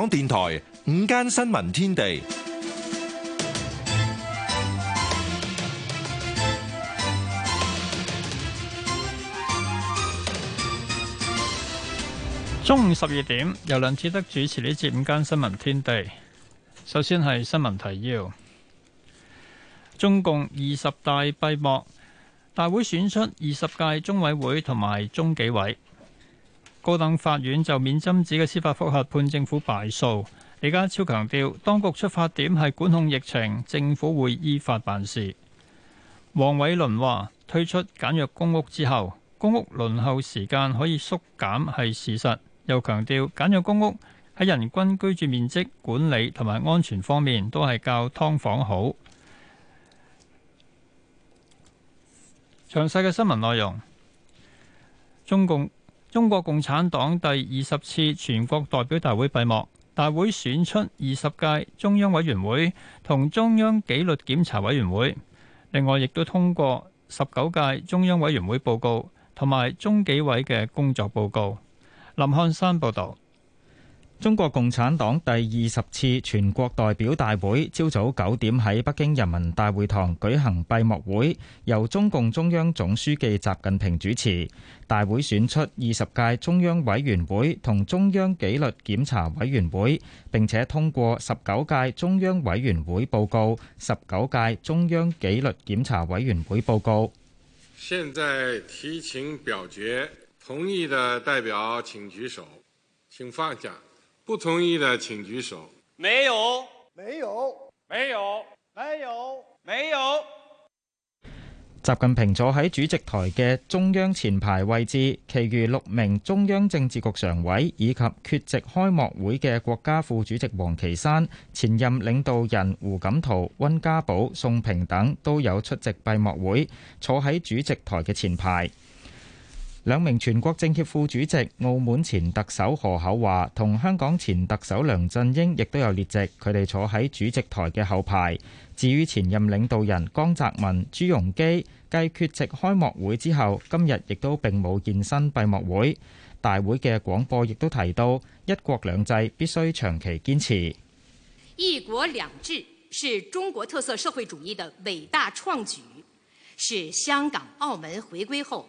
香港電台午間新聞天地，中午十二點由梁志德主持呢節午間新聞天地。首先係新聞提要：中共二十大閉幕，大會選出二十屆中委會同埋中紀委。高等法院就免針紙嘅司法覆核判政府敗訴。李家超強調，當局出發點係管控疫情，政府會依法辦事。黃偉綸話：推出簡約公屋之後，公屋輪候時間可以縮減係事實。又強調，簡約公屋喺人均居住面積管理同埋安全方面都係較劏房好。詳細嘅新聞內容，中共。中國共產黨第二十次全國代表大會閉幕，大會選出二十屆中央委員會同中央紀律檢查委員會，另外亦都通過十九屆中央委員會報告同埋中紀委嘅工作報告。林漢山報道。中國共產黨第二十次全國代表大會朝早九點喺北京人民大會堂舉行閉幕會，由中共中央總書記習近平主持。大會選出二十屆中央委員會同中央紀律檢查委員會，並且通過十九屆中央委員會報告、十九屆中央紀律檢查委員會報告。現在提請表決，同意的代表請舉手，請放下。不同意的請舉手。沒有，沒有，沒有，沒有，沒有。習近平坐喺主席台嘅中央前排位置，其餘六名中央政治局常委以及缺席開幕會嘅國家副主席王岐山、前任領導人胡錦濤、溫家寶、宋平等都有出席閉幕會，坐喺主席台嘅前排。兩名全國政協副主席、澳門前特首何厚鏵同香港前特首梁振英亦都有列席，佢哋坐喺主席台嘅後排。至於前任領導人江澤民、朱鎔基，繼缺席開幕會之後，今日亦都並冇現身閉幕會。大會嘅廣播亦都提到，一國兩制必須長期堅持。一國兩制是中國特色社會主義的偉大創舉，是香港、澳門回歸後，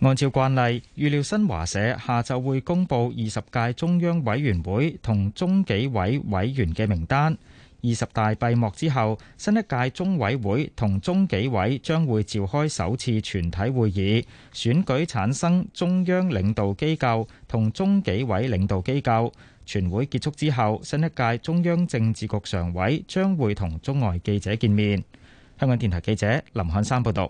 按照慣例，預料新華社下晝會公佈二十屆中央委員會同中紀委委員嘅名單。二十大閉幕之後，新一屆中委會同中紀委將會召開首次全體會議，選舉產生中央領導機構同中紀委領導機構。全會結束之後，新一屆中央政治局常委將會同中外記者見面。香港電台記者林漢山報道。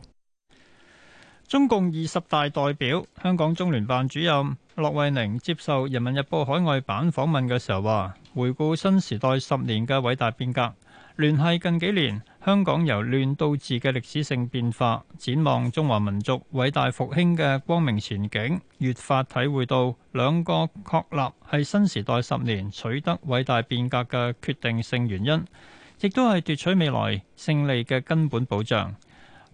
中共二十大代表、香港中聯辦主任駱惠寧接受《人民日報》海外版訪問嘅時候話：回顧新時代十年嘅偉大變革，聯繫近幾年香港由亂到治嘅歷史性變化，展望中華民族偉大復興嘅光明前景，越發體會到兩個確立係新時代十年取得偉大變革嘅決定性原因，亦都係奪取未來勝利嘅根本保障。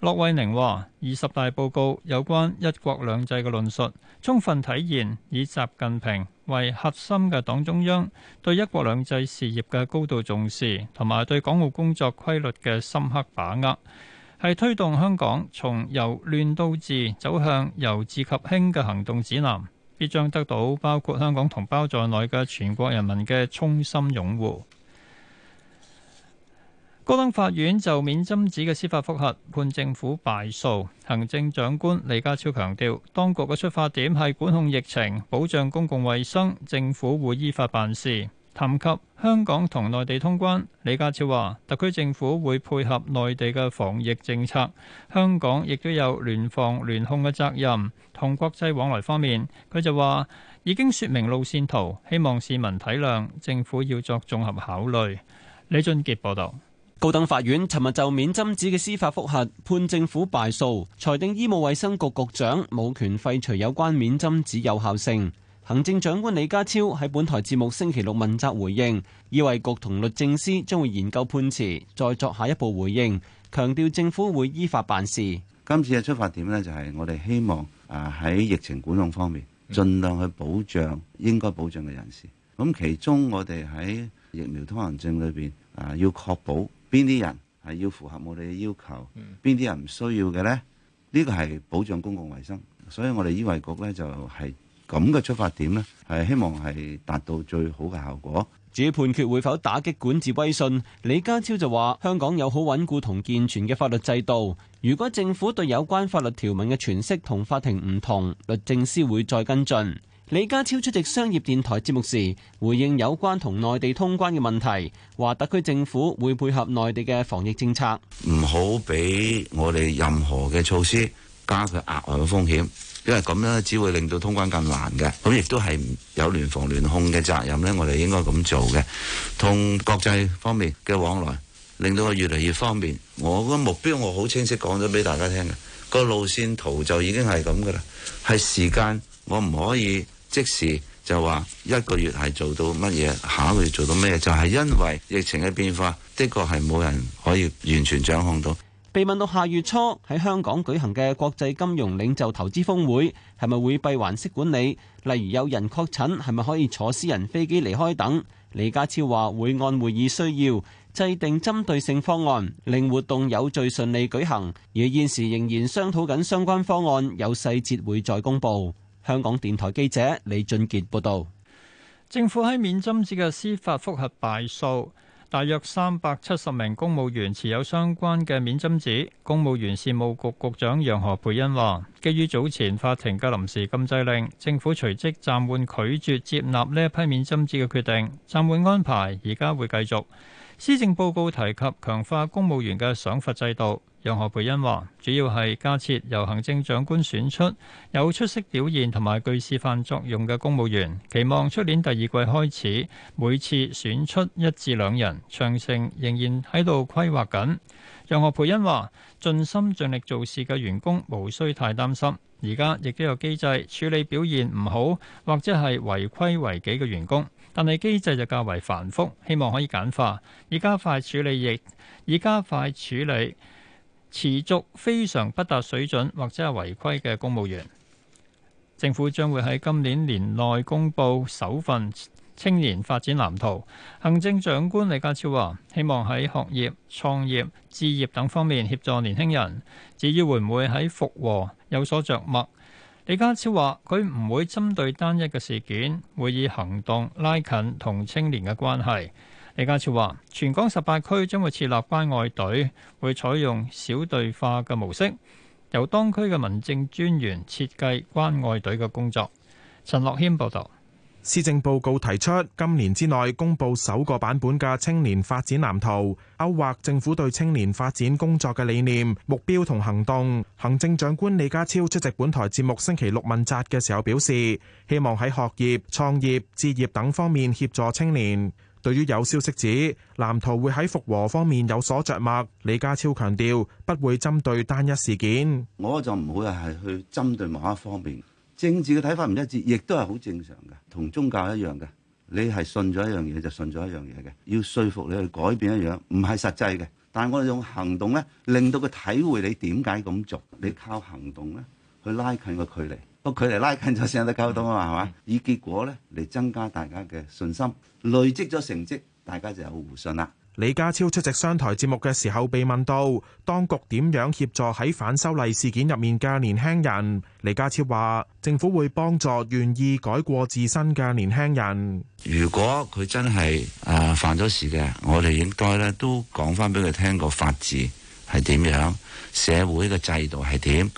駱惠寧話，二十大報告有關一國兩制嘅論述，充分體現以習近平為核心嘅黨中央對一國兩制事業嘅高度重視，同埋對港澳工作規律嘅深刻把握，係推動香港從由亂到治走向由治及興嘅行動指南，必將得到包括香港同胞在內嘅全國人民嘅衷心擁護。高等法院就免針紙嘅司法覆核判政府敗訴。行政長官李家超強調，當局嘅出發點係管控疫情，保障公共衞生，政府會依法辦事。談及香港同內地通關，李家超話：特區政府會配合內地嘅防疫政策，香港亦都有聯防聯控嘅責任。同國際往來方面，佢就話已經説明路線圖，希望市民體諒，政府要作綜合考慮。李俊傑報導。高等法院尋日就免針紙嘅司法複核判政府敗訴，裁定醫務衛生局局長冇權廢除有關免針紙有效性。行政長官李家超喺本台節目星期六問責回應，醫衞局同律政司將會研究判詞再作下一步回應，強調政府會依法辦事。今次嘅出發點呢，就係我哋希望啊喺疫情管控方面，盡量去保障應該保障嘅人士。咁、嗯、其中我哋喺疫苗通行證裏邊啊，要確保。邊啲人係要符合我哋嘅要求？邊啲人唔需要嘅呢？呢個係保障公共衛生，所以我哋醫衛局呢就係咁嘅出發點，呢係希望係達到最好嘅效果。至於判決會否打擊管治威信，李家超就話：香港有好穩固同健全嘅法律制度。如果政府對有關法律條文嘅詮釋同法庭唔同，律政司會再跟進。李家超出席商業電台節目時，回應有關同內地通關嘅問題，話特區政府會配合內地嘅防疫政策，唔好俾我哋任何嘅措施加佢額外嘅風險，因為咁樣只會令到通關更難嘅。咁亦都係有聯防聯控嘅責任呢，我哋應該咁做嘅。同國際方面嘅往來，令到我越嚟越方便。我個目標我好清晰講咗俾大家聽嘅，個路線圖就已經係咁噶啦，係時間我唔可以。即時就話一個月係做到乜嘢，下一個月做到咩？就係因為疫情嘅變化，的確係冇人可以完全掌控到。被問到下月初喺香港舉行嘅國際金融領袖投資峰會係咪會閉環式管理，例如有人確診係咪可以坐私人飛機離開等，李家超話會按會議需要制定針對性方案，令活動有序順利舉行。而現時仍然商討緊相關方案，有細節會再公布。香港電台記者李俊杰報道，政府喺免針紙嘅司法覆核敗訴，大約三百七十名公務員持有相關嘅免針紙。公務員事務局局局長楊何培恩話：基於早前法庭嘅臨時禁制令，政府隨即暫緩拒絕接納呢一批免針紙嘅決定，暫緩安排而家會繼續。施政報告提及強化公務員嘅賞罰制度。楊學培恩話：主要係加設由行政長官選出有出色表現同埋具示範作用嘅公務員，期望出年第二季開始每次選出一至兩人。詳情仍然喺度規劃緊。楊學培恩話：盡心盡力做事嘅員工無需太擔心，而家亦都有機制處理表現唔好或者係違規違紀嘅員工，但係機制就較為繁複，希望可以簡化以加快，快處理，亦以加快處理。持續非常不達水準或者係違規嘅公務員，政府將會喺今年年內公布首份青年發展藍圖。行政長官李家超話：希望喺學業、創業、置業等方面協助年輕人。至於會唔會喺復和有所着墨，李家超話：佢唔會針對單一嘅事件，會以行動拉近同青年嘅關係。李家超話：全港十八區將會設立關愛隊，會採用小隊化嘅模式，由當區嘅民政專員設計關愛隊嘅工作。陳樂軒報導。施政報告提出今年之內公佈首個版本嘅青年發展藍圖，勾畫政府對青年發展工作嘅理念、目標同行動。行政長官李家超出席本台節目星期六問責嘅時候表示，希望喺學業、創業、置業等方面協助青年。對於有消息指藍圖會喺復和方面有所著墨，李家超強調不會針對單一事件。我就唔會係去針對某一方面政治嘅睇法唔一致，亦都係好正常嘅，同宗教一樣嘅。你係信咗一樣嘢就信咗一樣嘢嘅，要說服你去改變一樣唔係實際嘅，但係我用行動咧令到佢體會你點解咁做，你靠行動咧去拉近個距離。個距離拉近咗先得溝通啊嘛，係嘛？以結果咧嚟增加大家嘅信心，累積咗成績，大家就有互信啦。李家超出席商台節目嘅時候被問到，當局點樣協助喺反修例事件入面嘅年輕人？李家超話：政府會幫助願意改過自新嘅年輕人。如果佢真係誒、呃、犯咗事嘅，我哋應該咧都講翻俾佢聽個法治係點樣，社會嘅制度係點。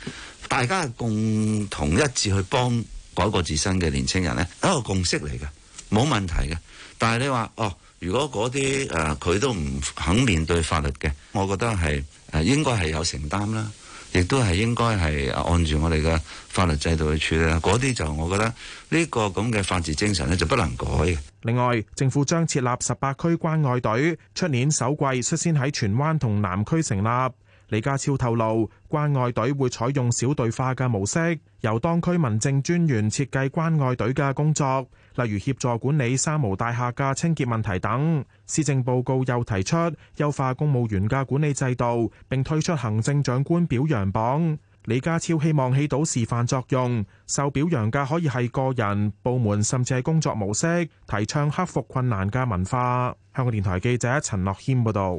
大家共同一致去幫改過自身嘅年青人呢，一個共識嚟嘅，冇問題嘅。但係你話哦，如果嗰啲誒佢都唔肯面對法律嘅，我覺得係誒、呃、應該，係有承擔啦，亦都係應該係按住我哋嘅法律制度去處理啦。嗰啲就我覺得呢個咁嘅法治精神咧，就不能改嘅。另外，政府將設立十八區關愛隊，出年首季率先喺荃灣同南區成立。李家超透露，關愛隊會採用小隊化嘅模式，由當區民政專員設計關愛隊嘅工作，例如協助管理三無大廈嘅清潔問題等。施政報告又提出優化公務員嘅管理制度，並推出行政長官表揚榜。李家超希望起到示範作用，受表揚嘅可以係個人、部門甚至係工作模式，提倡克服困難嘅文化。香港電台記者陳樂謙報道。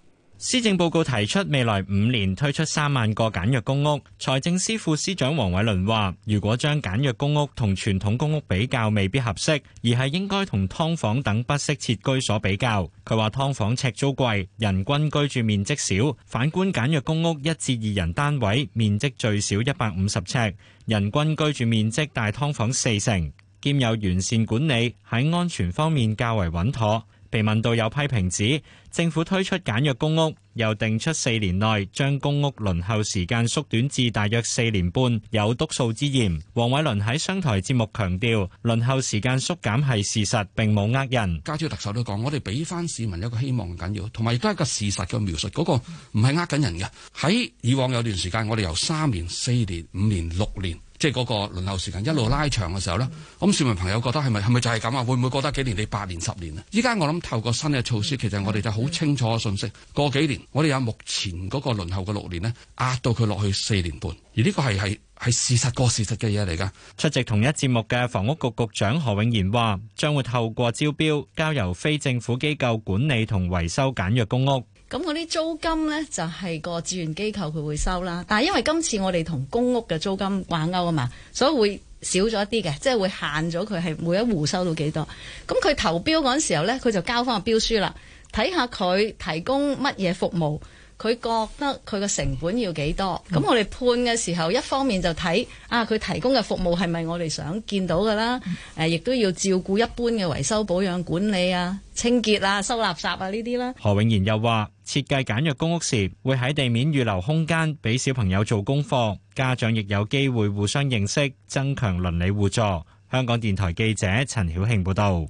施政報告提出未來五年推出三萬個簡約公屋。財政司副司長黃偉綸話，如果將簡約公屋同傳統公屋比較，未必合適，而係應該同劏房等不適切居所比較。佢話劏房尺租貴，人均居住面積少，反觀簡約公屋一至二人單位，面積最少一百五十尺，人均居住面積大劏房四成，兼有完善管理，喺安全方面較為穩妥。被問到有批評指政府推出簡約公屋，又定出四年內將公屋輪候時間縮短至大約四年半，有篤數之嫌。黃偉綸喺商台節目強調，輪候時間縮減係事實，並冇呃人。家超特首都講，我哋俾翻市民一個希望緊要，同埋亦都係一個事實嘅描述，嗰個唔係呃緊人嘅。喺以往有段時間，我哋由三年、四年、五年、六年。即係嗰個輪候時間一路拉長嘅時候呢，咁市民朋友覺得係咪，係咪就係咁啊？會唔會覺得幾年，你八年、十年啊？依家我諗透過新嘅措施，其實我哋就好清楚嘅信息。過幾年，我哋有目前嗰個輪候嘅六年呢，壓到佢落去四年半，而呢個係係係事實過事實嘅嘢嚟㗎。出席同一節目嘅房屋局局長何永賢話，將會透過招標交由非政府機構管理同維修簡約公屋。咁嗰啲租金呢，就係個志願機構佢會收啦，但係因為今次我哋同公屋嘅租金掛鈎啊嘛，所以會少咗一啲嘅，即係會限咗佢係每一戶收到幾多。咁佢投標嗰陣時候呢，佢就交翻個標書啦，睇下佢提供乜嘢服務。佢覺得佢個成本要幾多？咁我哋判嘅時候，一方面就睇啊，佢提供嘅服務係咪我哋想見到㗎啦？誒，亦都要照顧一般嘅維修、保養、管理啊、清潔啊、收垃圾啊呢啲啦。何永賢又話：設計簡約公屋時，會喺地面預留空間俾小朋友做功課，家長亦有機會互相認識，增強鄰里互助。香港電台記者陳曉慶報道。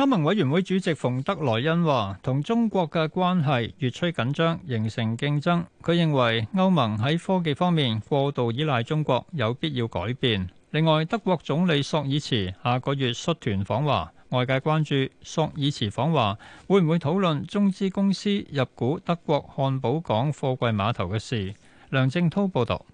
歐盟委員會主席馮德萊恩話，同中國嘅關係越趨緊張，形成競爭。佢認為歐盟喺科技方面過度依賴中國，有必要改變。另外，德國總理索爾茨下個月率團訪華，外界關注索爾茨訪華會唔會討論中資公司入股德國漢堡港貨櫃碼頭嘅事。梁正滔報導。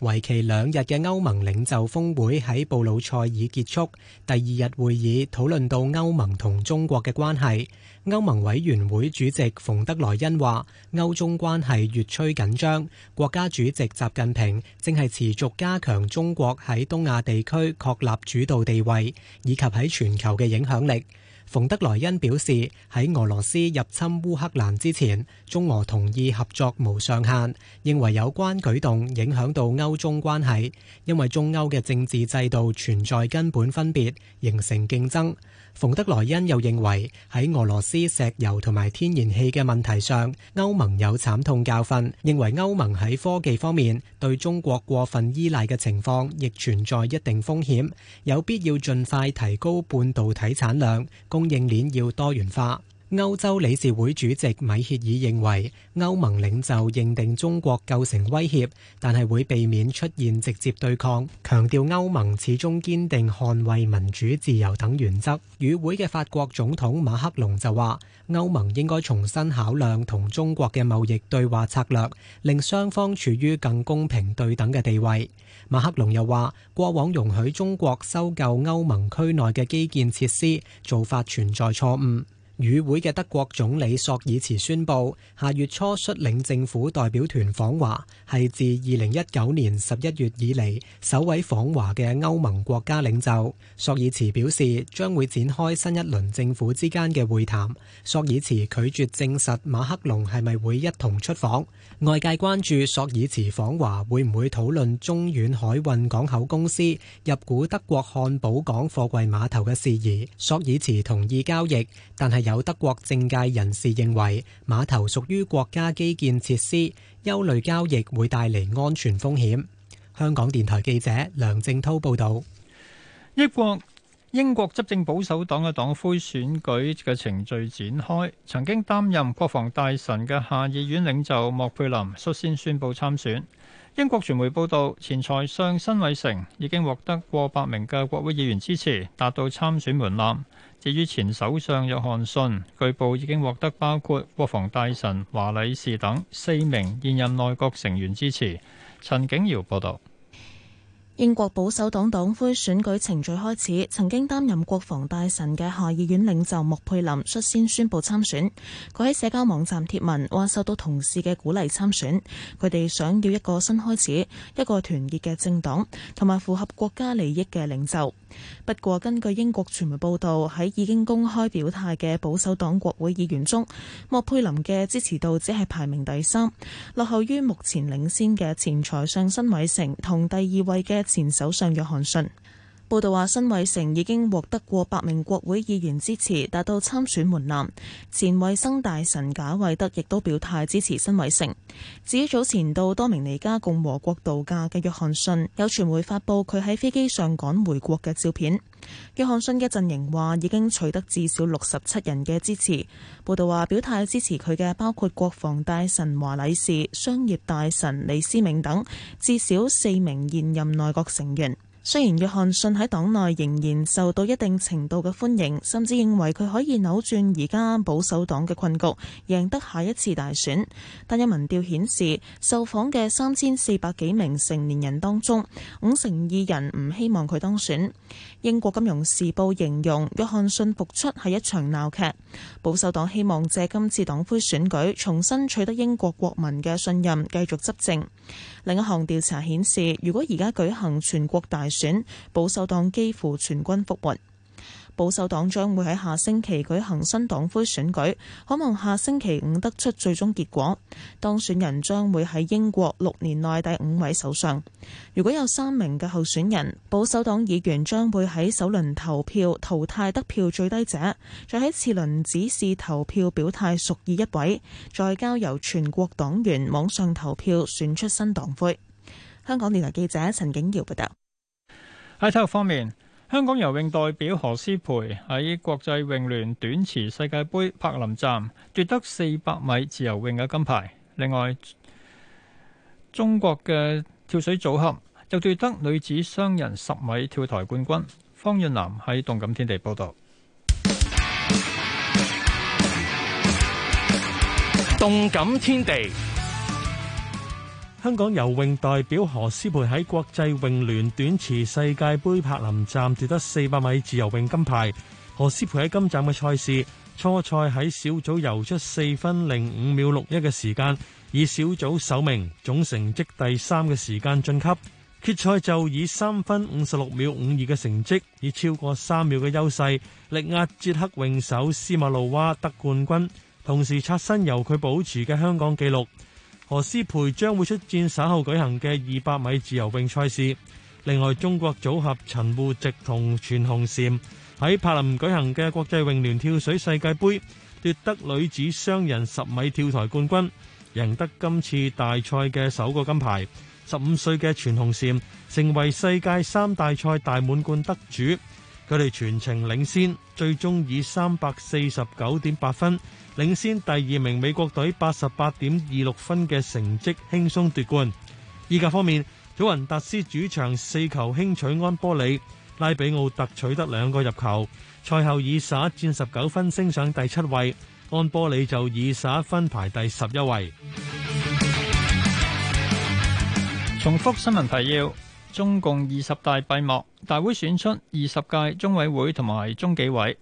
為期兩日嘅歐盟領袖峰會喺布魯塞爾結束，第二日會議討論到歐盟同中國嘅關係。歐盟委員會主席馮德萊恩話，歐中關係越趨緊張，國家主席習近平正係持續加強中國喺東亞地區確立主導地位，以及喺全球嘅影響力。馮德萊恩表示，喺俄羅斯入侵烏克蘭之前，中俄同意合作無上限。認為有關舉動影響到歐中關係，因為中歐嘅政治制度存在根本分別，形成競爭，馮德萊恩又認為喺俄羅斯石油同埋天然氣嘅問題上，歐盟有慘痛教訓，認為歐盟喺科技方面對中國過分依賴嘅情況亦存在一定風險，有必要盡快提高半導體產量。供應鏈要多元化。歐洲理事會主席米歇爾認為，歐盟領袖認定中國構成威脅，但係會避免出現直接對抗，強調歐盟始終堅定捍衛民主自由等原則。與會嘅法國總統馬克龍就話，歐盟應該重新考量同中國嘅貿易對話策略，令雙方處於更公平對等嘅地位。馬克龍又話，過往容許中國收購歐盟區內嘅基建設施做法存在錯誤。與會嘅德國總理朔爾茨宣布，下月初率領政府代表團訪華，係自2019年11月以嚟首位訪華嘅歐盟國家領袖。朔爾茨表示，將會展開新一輪政府之間嘅會談。朔爾茨拒絕證實馬克龍係咪會一同出訪。外界關注朔爾茨訪華會唔會討論中遠海運港口公司入股德國漢堡港貨櫃碼頭嘅事宜。朔爾茨同意交易，但係，有德國政界人士認為，碼頭屬於國家基建設施，憂慮交易會帶嚟安全風險。香港電台記者梁正濤報道。英國，英國執政保守黨嘅黨魁選舉嘅程序展開，曾經擔任國防大臣嘅下議院領袖莫佩林率先宣布參選。英國傳媒報導，前財相辛偉成已經獲得過百名嘅國會議員支持，達到參選門檻。至於前首相約翰遜，據報已經獲得包括國防大臣華禮士等四名現任內閣成員支持。陳景瑤報道。英國保守黨黨魁選舉程序開始，曾經擔任國防大臣嘅下議院領袖莫佩林率先宣布參選。佢喺社交網站貼文話受到同事嘅鼓勵參選，佢哋想要一個新開始，一個團結嘅政黨，同埋符合國家利益嘅領袖。不過，根據英國傳媒報道，喺已經公開表態嘅保守黨國會議員中，莫佩林嘅支持度只係排名第三，落後於目前領先嘅前財相辛偉誠同第二位嘅前首相約翰遜。報道話，辛偉誠已經獲得過百名國會議員支持，達到參選門檻。前衞生大臣賈偉德亦都表態支持辛偉誠。至於早前到多明尼加共和國度假嘅約翰遜，有傳媒發布佢喺飛機上趕回國嘅照片。約翰遜嘅陣營話已經取得至少六十七人嘅支持。報道話，表態支持佢嘅包括國防大臣華禮士、商業大臣李思銘等至少四名現任內閣成員。雖然約翰遜喺黨內仍然受到一定程度嘅歡迎，甚至認為佢可以扭轉而家保守黨嘅困局，贏得下一次大選，但有民調顯示，受訪嘅三千四百幾名成年人當中，五成二人唔希望佢當選。英國金融時報形容，約翰遜復出係一場鬧劇。保守黨希望借今次黨魁選舉重新取得英國國民嘅信任，繼續執政。另一項調查顯示，如果而家舉行全國大選，保守黨幾乎全軍覆沒。保守黨將會喺下星期舉行新黨魁選舉，可望下星期五得出最終結果。當選人將會喺英國六年內第五位首相。如果有三名嘅候選人，保守黨議員將會喺首輪投票淘汰得票最低者，再喺次輪指示投票表態屬意一位，再交由全國黨員網上投票選出新黨魁。香港電台記者陳景耀報道。喺體育方面。香港游泳代表何詩蓓喺國際泳聯短池世界杯柏林站奪得四百米自由泳嘅金牌，另外中國嘅跳水組合就奪得女子雙人十米跳台冠軍。方潤南喺動感天地報道。動感天地。香港游泳代表何詩蓓喺國際泳聯短池世界杯柏林站奪得四百米自由泳金牌。何詩蓓喺今站嘅賽事初賽喺小組游出四分零五秒六一嘅時間，以小組首名、總成績第三嘅時間晉級。決賽就以三分五十六秒五二嘅成績，以超過三秒嘅優勢力壓捷克泳手斯馬努娃得冠軍，同時刷新由佢保持嘅香港紀錄。何詩蓓將會出戰稍後舉行嘅二百米自由泳賽事。另外，中國組合陳芋汐同全紅嬋喺柏林舉行嘅國際泳聯跳水世界杯奪得女子雙人十米跳台冠軍，贏得今次大賽嘅首個金牌。十五歲嘅全紅嬋成為世界三大賽大滿貫得主。佢哋全程領先，最終以三百四十九點八分領先第二名美國隊八十八點二六分嘅成績輕鬆奪冠。意甲方面，祖雲達斯主場四球輕取安波里，拉比奧特取得兩個入球，賽後以十一戰十九分升上第七位，安波里就以十一分排第十一位。重複新聞提要。中共二十大閉幕，大會選出二十屆中委會同埋中紀委。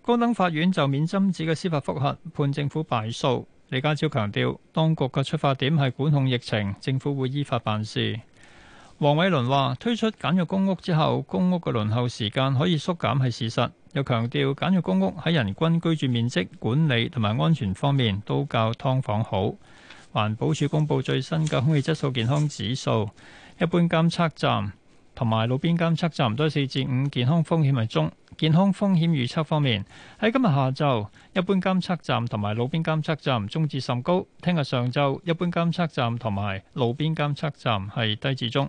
高等法院就免針紙嘅司法覆核判政府敗訴。李家超強調，當局嘅出發點係管控疫情，政府會依法辦事。黃偉綸話：推出簡約公屋之後，公屋嘅輪候時間可以縮減係事實。又強調簡約公屋喺人均居住面積管理同埋安全方面都較劏房好。環保署公布最新嘅空氣質素健康指數。一般監測站同埋路邊監測站都係四至五，5，健康風險係中。健康風險預測方面，喺今日下晝，一般監測站同埋路邊監測站中至甚高；聽日上晝，一般監測站同埋路邊監測站係低至中。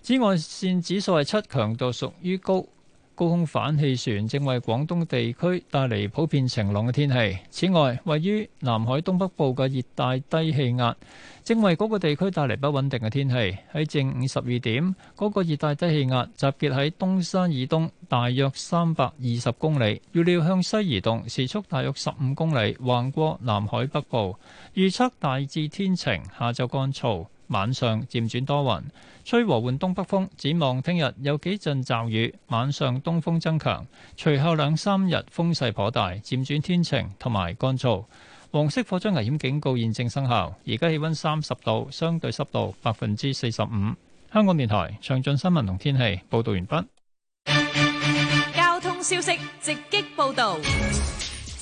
紫外線指數係七，強度屬於高。高空反氣旋正為廣東地區帶嚟普遍晴朗嘅天氣。此外，位於南海東北部嘅熱帶低氣壓正為嗰個地區帶嚟不穩定嘅天氣。喺正午十二點，嗰個熱帶低氣壓集結喺東沙以東，大約三百二十公里，預料向西移動，時速大約十五公里，橫過南海北部，預測大致天晴，下晝乾燥。晚上漸轉多雲，吹和緩東北風。展望聽日有幾陣驟雨，晚上東風增強，隨後兩三日風勢頗大，漸轉天晴同埋乾燥。黃色火災危險警告現正生效。而家氣溫三十度，相對濕度百分之四十五。香港電台詳盡新聞同天氣報道完畢。交通消息直擊報道。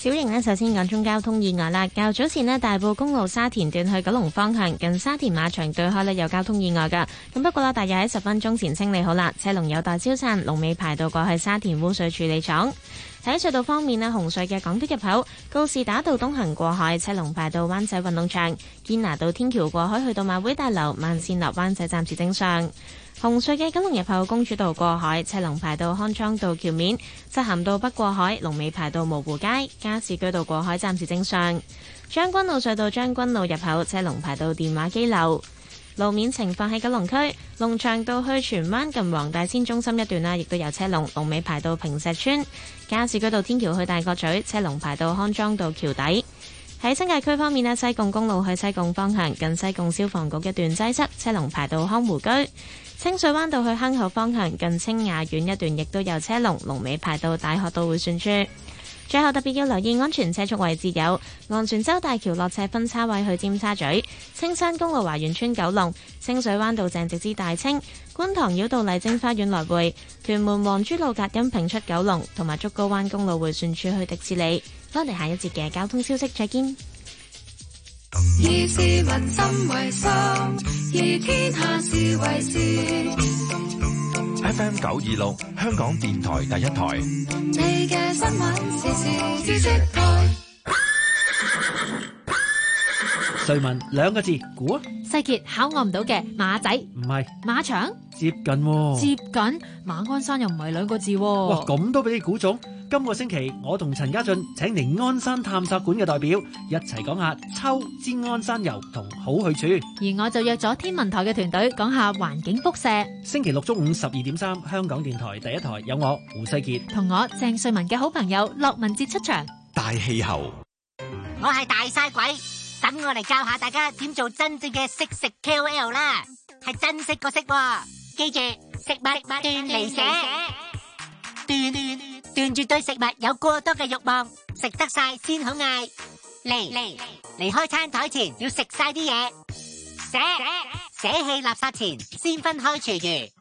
小型呢，首先講中交通意外啦。較早前呢，大埔公路沙田段去九龍方向近沙田馬場對開呢，有交通意外噶。咁不過啦，大約喺十分鐘前清理好啦，車龍有待消散，龍尾排到過去沙田污水處理廠。喺隧道方面呢，紅隧嘅港島入口、告士打道東行過海車龍排到灣仔運動場、堅拿道天橋過海去到馬會大樓、慢線落灣仔暫時正常。紅隧嘅九龍入口公主道過海，車龍排到康莊道橋面；漆咸道北過海，龍尾排到蕪湖街；加士居道過海暫時正常。將軍澳隧道將軍澳入口車龍排到電話機樓。路面情況，喺九龍區龍翔道去荃灣近黃大仙中心一段啊，亦都有車龍，龍尾排到平石村；加士居道天橋去大角咀，車龍排到康莊道橋底。喺新界區方面啊，西貢公路去西貢方向近西貢消防局一段擠塞，塞，車龍排到康湖，湖居；清水灣道去坑口方向近清雅苑一段亦都有車龍，龍尾排到大學道迴旋處。最後特別要留意安全車速位置有：昂船洲大橋落斜分叉位去尖沙咀、青山公路華園村九龍、清水灣道鄭直之大清、觀塘繞道麗晶花園來回、屯門黃珠路隔音屏出九龍，同埋竹篙灣公路迴旋處去迪士尼。翻嚟下一節嘅交通消息，再見。以市民心為心，以天下事為事。FM 九二六，香港電台第一台。你嘅新聞時事知識台。瑞文兩個字？估啊？細杰考我唔到嘅馬仔，唔係馬場。接近，接近馬鞍山又唔係兩個字。哇，咁都俾你估中。今個星期我同陳家俊請嚟鞍山探索館嘅代表一齊講下秋之鞍山遊同好去處。而我就約咗天文台嘅團隊講下環境輻射。星期六中午十二點三，香港電台第一台有我胡世傑同我鄭瑞文嘅好朋友樂文哲出場。大氣候，我係大晒鬼，等我嚟教下大家點做真正嘅識食 K O L 啦，係珍惜個識。記住食物斷離捨，斷，斷絕對食物有過多嘅慾望，食得晒先好嗌。離，離開餐台前要食晒啲嘢。捨，捨棄垃圾前先分開廚餘，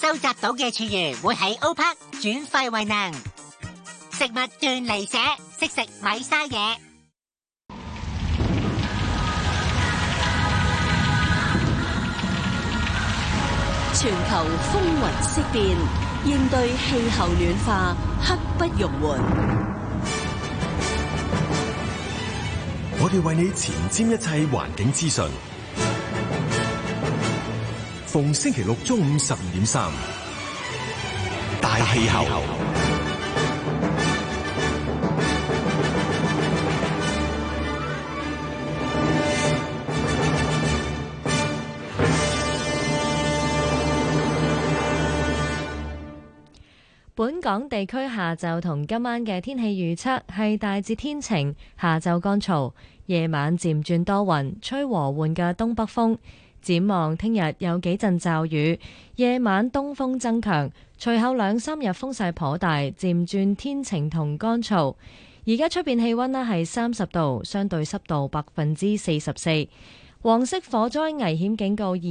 收集到嘅廚餘會喺 O·PARK 轉廢為能。食物斷離捨，識食咪嘥嘢。全球風雲色變，應對氣候暖化，刻不容緩。 我哋為你前瞻一切環境資訊， 逢星期六中午十二點三，大氣候。 本港地區下晝同今晚嘅天氣預測係大致天晴，下晝乾燥，夜晚漸轉多雲，吹和緩嘅東北風。展望聽日有幾陣驟雨，夜晚東風增強，隨後兩三日風勢頗大，漸轉天晴同乾燥。而家出邊氣溫呢係三十度，相對濕度百分之四十四，黃色火災危險警告。二。